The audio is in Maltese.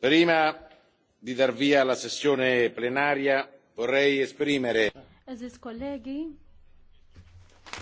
Prima di dar via alla sessione plenaria vorrei esprimere.